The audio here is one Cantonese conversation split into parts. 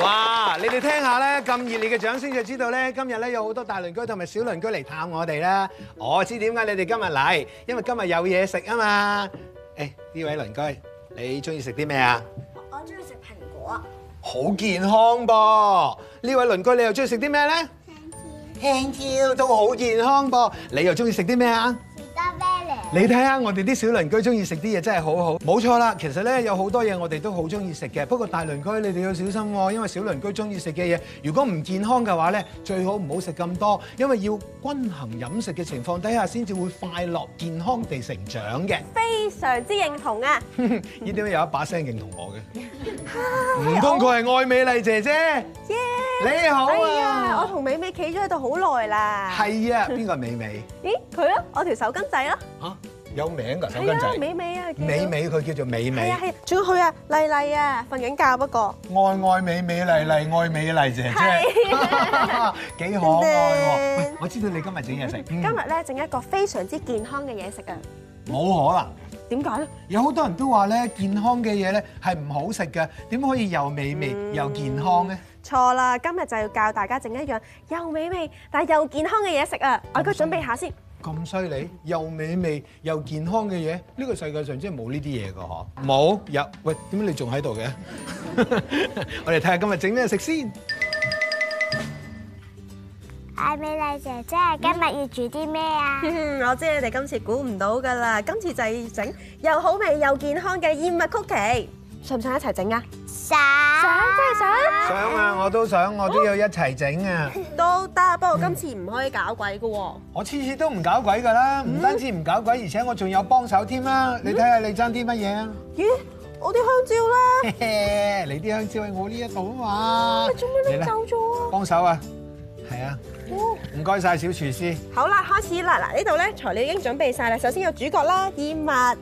哇！你哋聽下咧，咁熱烈嘅掌聲就知道咧，今日咧有好多大鄰居同埋小鄰居嚟探我哋啦。我知點解你哋今日嚟，因為今日有嘢食啊嘛。誒、欸，呢位鄰居，你中意食啲咩啊？我中意食蘋果，好健康噃。呢位鄰居，你又中意食啲咩咧？香蕉，香蕉都好健康噃。你又中意食啲咩啊？你睇下我哋啲小鄰居中意食啲嘢真係好好，冇錯啦。其實咧有好多嘢我哋都好中意食嘅，不過大鄰居你哋要小心喎、哦，因為小鄰居中意食嘅嘢，如果唔健康嘅話咧，最好唔好食咁多，因為要均衡飲食嘅情況底下先至會快樂健康地成長嘅。非常之認同啊！呢 啲有一把聲認同我嘅，唔通佢係愛美麗姐姐？ yeah，你好啊！哎、呀我同美美企咗喺度好耐啦。係啊，邊個係美美？咦，佢咯、啊，我條手巾仔咯、啊。啊有名㗎，小跟仔。美美啊！美美佢叫做美美。係，仲要佢啊，麗麗啊，瞓緊覺不過。愛愛美美麗麗愛美麗姐姐。係。幾可愛喎！我知道你今日整嘢食。今日咧整一個非常之健康嘅嘢食啊！冇可能。點解咧？有好多人都話咧，健康嘅嘢咧係唔好食嘅，點可以又美味又健康咧？錯啦！今日就要教大家整一樣又美味但係又健康嘅嘢食啊！我而家準備下先。咁犀利，又美味又健康嘅嘢，呢個世界上真係冇呢啲嘢㗎嗬？冇有？喂，點解你仲喺度嘅？我哋睇下今日整咩食先。愛美麗姐姐，今日要煮啲咩啊？我知你哋今次估唔到㗎啦，今次就係整又好味又健康嘅燕麥曲奇。想唔想一齊整啊？想，真係想。想啊，我都想，我都要一齊整啊。得，不過今次唔可以搞鬼噶。我次次都唔搞鬼噶啦，唔單止唔搞鬼，而且我仲有幫手添啦。你睇下你爭啲乜嘢啊？咦，我啲香蕉咧？嚟嘿你啲香蕉喺我呢一度啊嘛。做咩走咗啊？幫、嗯、手啊，係啊。唔該晒小廚師。好啦，開始啦！嗱，呢度咧材料已經準備晒啦。首先有主角啦，燕麥，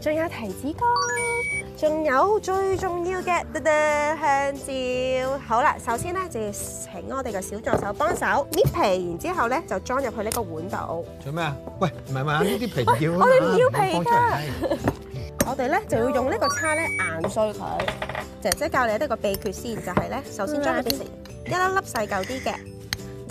仲有提子乾。仲有最重要嘅香蕉，好啦，首先咧就要請我哋嘅小助手幫手搣皮，然之後咧就裝入去呢個碗度。做咩啊？喂，唔係唔係啊？呢啲皮唔要啊嘛，我哋唔要皮噶。我哋咧就要用呢個叉咧硬碎佢。姐姐教你一個秘訣先，就係咧，首先將佢搣成一粒粒細嚿啲嘅。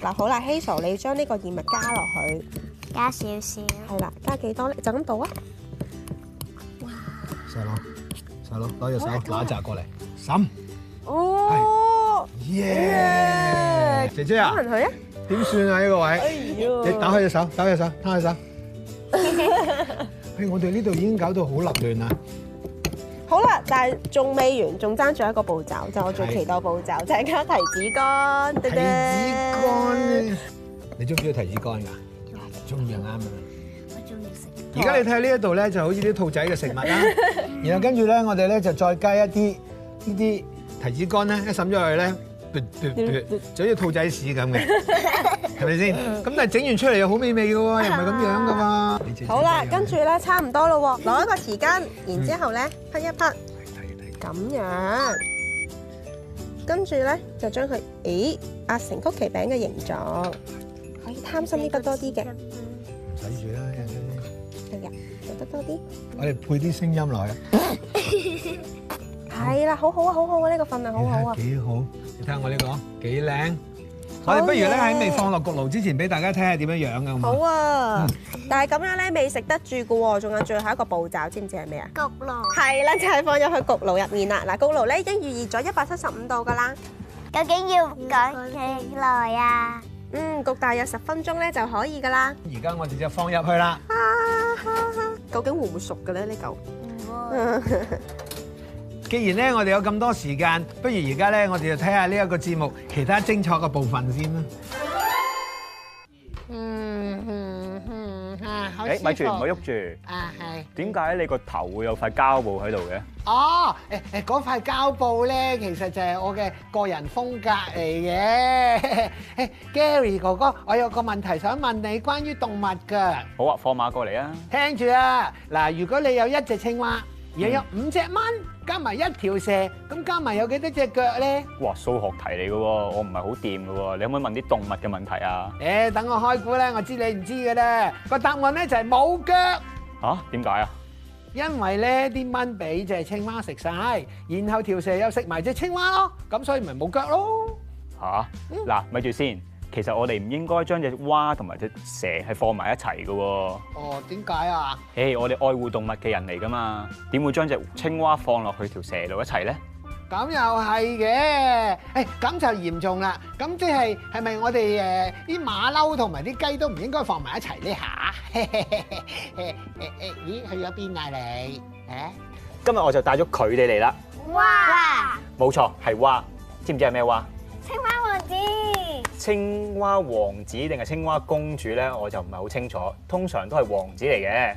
嗱，好啦，希熟你將呢個燕麥加落去。加少少。係啦，加幾多，就咁倒啊。好啦，但係仲未完，仲爭咗一個步驟，就我最期待步驟，就係加提子乾。提子乾，你中唔中意提子乾噶？中意又啱啊！喜歡我中意食。而家你睇下呢一度咧，就好似啲兔仔嘅食物啦。 然後跟住咧，我哋咧就再加一啲呢啲提子乾咧，一揼咗入去咧。嘟嘟嘟，就好似兔仔屎咁嘅，係咪先？咁但係整完出嚟又好美味嘅喎，又唔係咁樣嘅嘛。好啦，跟住咧差唔多啦，攞一個匙羹，然之後咧滗一滗，咁樣，跟住咧就將佢誒壓成曲奇餅嘅形狀，可以貪心啲得多啲嘅，唔使住啦，係啊，做得多啲。我哋配啲聲音來，係啦，好好啊，好好啊，呢個份量好好啊，幾好。你睇下我呢個，幾靚。我哋不如咧喺未放落焗爐之前，俾大家睇下點樣樣嘅。好啊，但係咁樣咧未食得住嘅喎，仲有最後一個步驟，知唔知係咩啊？焗爐。係啦，就係放入去焗爐入面啦。嗱，焗爐咧已經預熱咗一百七十五度噶啦。究竟要等幾耐啊？嗯，焗大約十分鐘咧就可以噶啦。而家我直接放入去啦、啊啊啊。究竟會唔會熟嘅咧呢嚿？唔會。 既然咧，我哋有咁多時間，不如而家咧，我哋就睇下呢一個節目其他精彩嘅部分先啦、嗯嗯。嗯，啊，好。誒、欸，咪住，唔好喐住。啊，係。點解你個頭會有塊膠布喺度嘅？哦，誒、欸、誒，嗰塊膠布咧，其實就係我嘅個人風格嚟嘅、 欸。Garay 哥哥，我有個問題想問你關於動物㗎。好啊，放馬過嚟啊！聽住啊，嗱，如果你有一隻青蛙。而又有五隻蚊，加埋一條蛇，咁加埋有幾多隻腳咧？哇，數學題嚟嘅喎，我唔係好掂嘅喎，你可唔可以問啲動物嘅問題啊？誒，等我開估咧，我知你唔知嘅咧，個答案咧就係冇腳。吓？點解啊？因為咧啲蚊俾隻青蛙食晒，然後條蛇又食埋隻青蛙咯，咁所以咪冇腳咯。吓？嗱，咪住先。其實我哋唔應該將隻蛙同埋隻蛇係放埋一齊嘅喎。哦，點解啊？誒，我哋愛護動物嘅人嚟噶嘛，點會將隻青蛙放落去條蛇度一齊咧？咁又係嘅，誒、欸，咁就嚴重啦。咁即係係咪我哋誒啲馬騮同埋啲雞都唔應該放埋一齊咧嚇？咦，去咗邊啊你？誒，今日我就帶咗佢哋嚟啦。哇。冇錯，係蛙。知唔知係咩蛙？青蛙王子。青蛙王子定係青蛙公主咧，我就唔係好清楚。通常都係王子嚟嘅，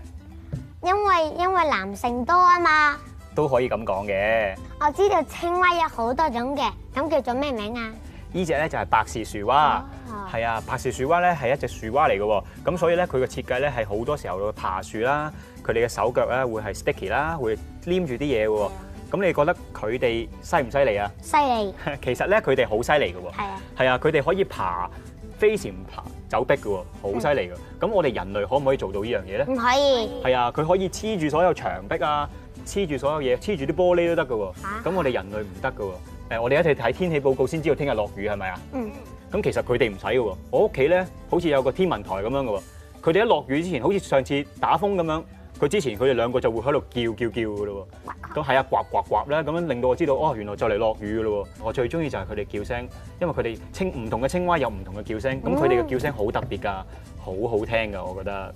因為因為男性多啊嘛，都可以咁講嘅。我知道青蛙有好多種嘅，咁叫做咩名啊？呢隻咧就係白氏樹蛙，係、oh. 啊，白氏樹蛙咧係一隻樹蛙嚟嘅，咁所以咧佢嘅設計咧係好多時候會爬樹啦，佢哋嘅手腳咧會係 sticky 啦，會黏住啲嘢喎。Yeah. 咁你覺得佢哋犀唔犀利啊？犀利。其實咧，佢哋好犀利嘅喎。係啊。係啊，佢哋可以爬飛檐爬走壁嘅喎，好犀利嘅。咁、嗯、我哋人類可唔可以做到這件事呢樣嘢咧？唔可以。係啊，佢可以黐住所有牆壁啊，黐住所有嘢，黐住啲玻璃都得嘅喎。咁、啊、我哋人類唔得嘅喎。誒，我哋一齊睇天氣報告先知道聽日落雨係咪啊？嗯，咁其實佢哋唔使嘅喎，我屋企咧好似有個天文台咁樣嘅喎，佢哋一落雨之前好似上次打風咁樣。佢之前佢哋兩個就會喺度叫叫叫噶咯，咁係啊，刮刮刮啦，咁樣令到我知道哦，原來就嚟落雨噶咯。我最中意就係佢哋叫聲，因為佢哋青唔同嘅青蛙有唔同嘅叫聲，咁佢哋嘅叫聲好特別噶，好好聽噶，我覺得。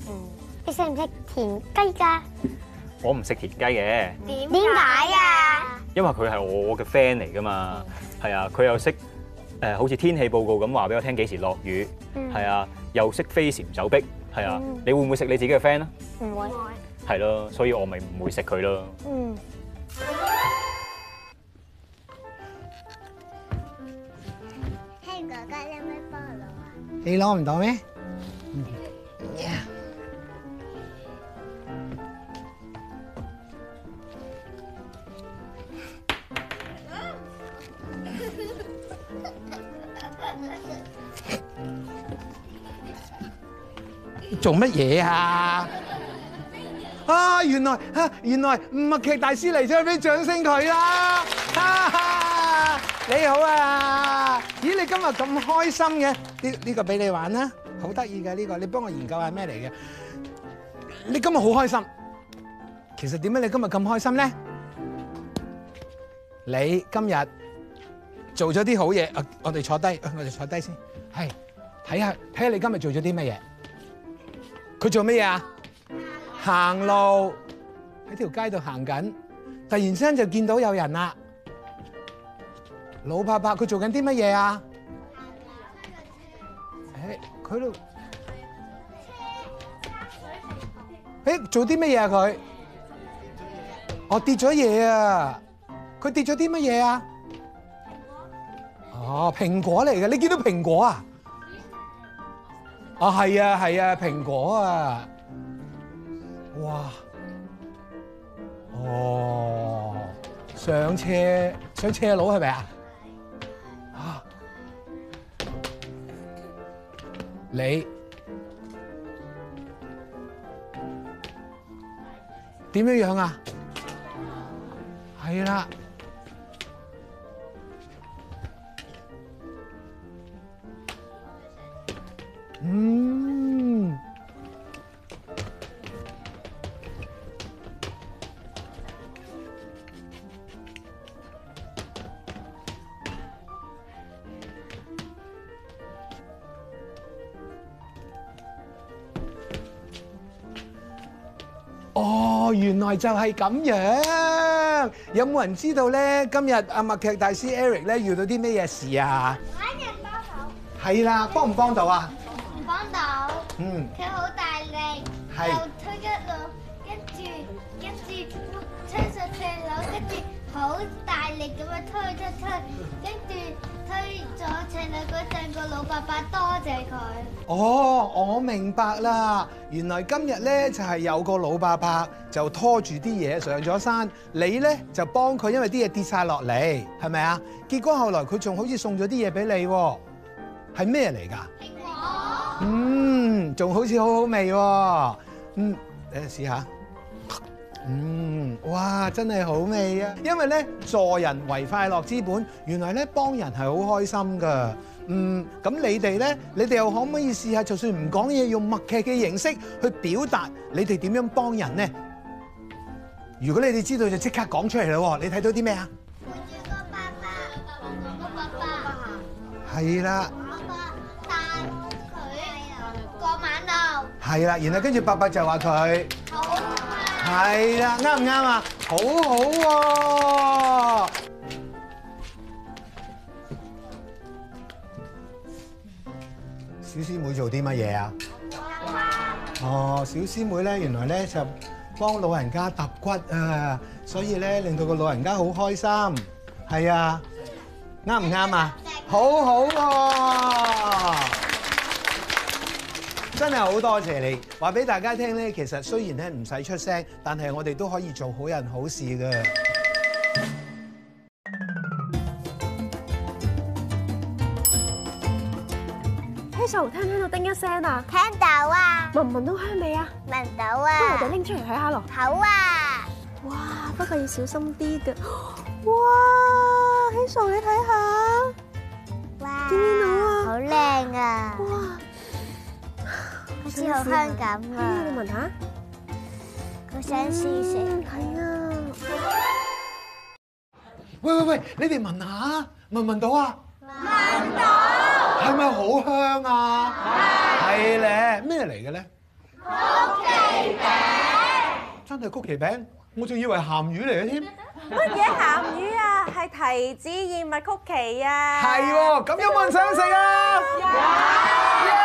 你食唔食田雞㗎？我唔食田雞嘅。點？點解啊？因為佢係我嘅 friend 嚟噶嘛，係啊，佢又識誒好似天氣報告咁話俾我聽幾時落雨，係啊，又識飛檐走壁，係啊，你會唔會食你自己嘅 friend 咧？唔會。係咯，所以我咪唔會食佢咯。嗯。聽哥哥你咪幫我啊！你攞唔到咩？呀！你做乜嘢啊？原來嚇，原來默劇大師嚟咗，俾掌聲佢，啊、啦！哈哈，你好啊，咦，你今日咁開心嘅？呢、呢、呢個俾、呢個、你玩啦，好得意嘅呢個，你幫我研究下咩嚟嘅？你今日好開心，其實點解你今日咁開心咧？你今日做咗啲好嘢，我我哋坐低，我哋坐低先，係睇下睇下你今日做咗啲乜嘢？佢做咩嘢啊？行路喺條街度行緊，突然之間就見到有人啦。老伯伯佢做緊啲乜嘢啊？誒，佢度誒做啲乜嘢啊？佢哦跌咗嘢啊！佢跌咗啲乜嘢啊？蘋果，哦，蘋果嚟嘅，你見到蘋果啊？哦，係啊係啊，蘋果啊！哇！哦，上車上車佬係咪啊？啊！你點樣樣啊？係啦。原來就係咁樣，有冇人知道咧？今日阿默劇大師 Eric 咧遇到啲咩嘢事啊？揾人幫手係啦，幫唔幫到啊？唔幫到。嗯。佢好大力，又推一路，跟住跟住推上四樓，跟住。好大力咁樣推推推，跟住推咗成你嗰陣，個老伯伯多謝佢。哦，我明白啦，原來今日咧就係有個老伯伯就拖住啲嘢上咗山，你咧就幫佢，因為啲嘢跌晒落嚟，係咪啊？結果後來佢仲好似送咗啲嘢俾你，係咩嚟噶？蘋果。嗯，仲好似好好味喎。嗯，嚟試下。嗯，哇，真係好味啊！因為咧助人為快樂之本，原來咧幫人係好開心噶。嗯，咁你哋咧，你哋又可唔可以試下，就算唔講嘢，用默劇嘅形式去表達你哋點樣幫人咧？如果你哋知道就即刻講出嚟喇喎！你睇到啲咩啊？陪住個爸爸，個爸爸係啦。爸爸帶我佢過馬路係啦，然後跟住爸爸就話佢。係啦，啱唔啱啊？好好喎！小師妹做啲乜嘢啊？哦，小師妹咧，原來咧就幫老人家揼骨啊，所以咧令到個老人家好開心。係啊，啱唔啱啊？好好喎！真係好多謝你！話俾大家聽咧，其實雖然咧唔使出聲，但係我哋都可以做好人好事嘅。Hiro，聽唔聽到叮一聲啊？聽到啊！聞唔聞到香味啊？聞到啊！不如我哋拎出嚟睇下咯。好啊！哇，不過要小心啲㗎。哇！好香咁啊！你問下，我想試食。係啊！喂喂喂，你哋聞下，聞唔聞到啊？聞到。係咪好香啊？係。係咧，咩嚟嘅咧？曲奇餅。真係曲奇餅，我仲以為鹹魚嚟嘅添。乜嘢鹹魚啊？係提子燕麥曲奇啊。係喎，咁有冇人想食啊？有。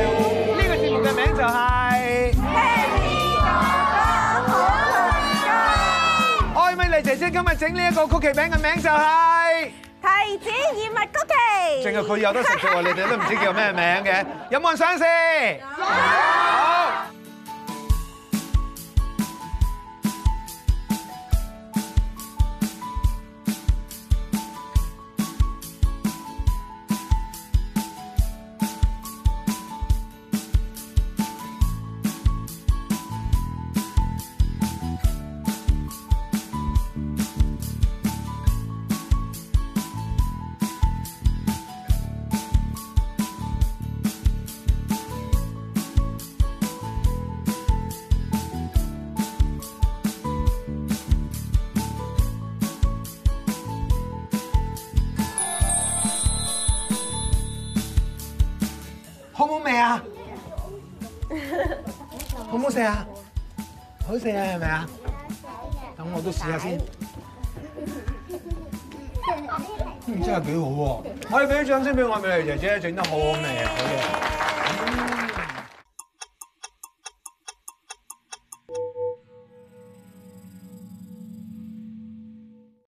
整呢一個曲奇餅嘅名就係提子燕麥曲奇，淨係佢有得食啫喎 你哋都唔知叫咩名嘅，有冇人想試？好食啊！好食啊，係咪啊？等我都試下先，真係幾好喎！可以俾張先俾我美麗姐姐整得好好味啊！好嘅。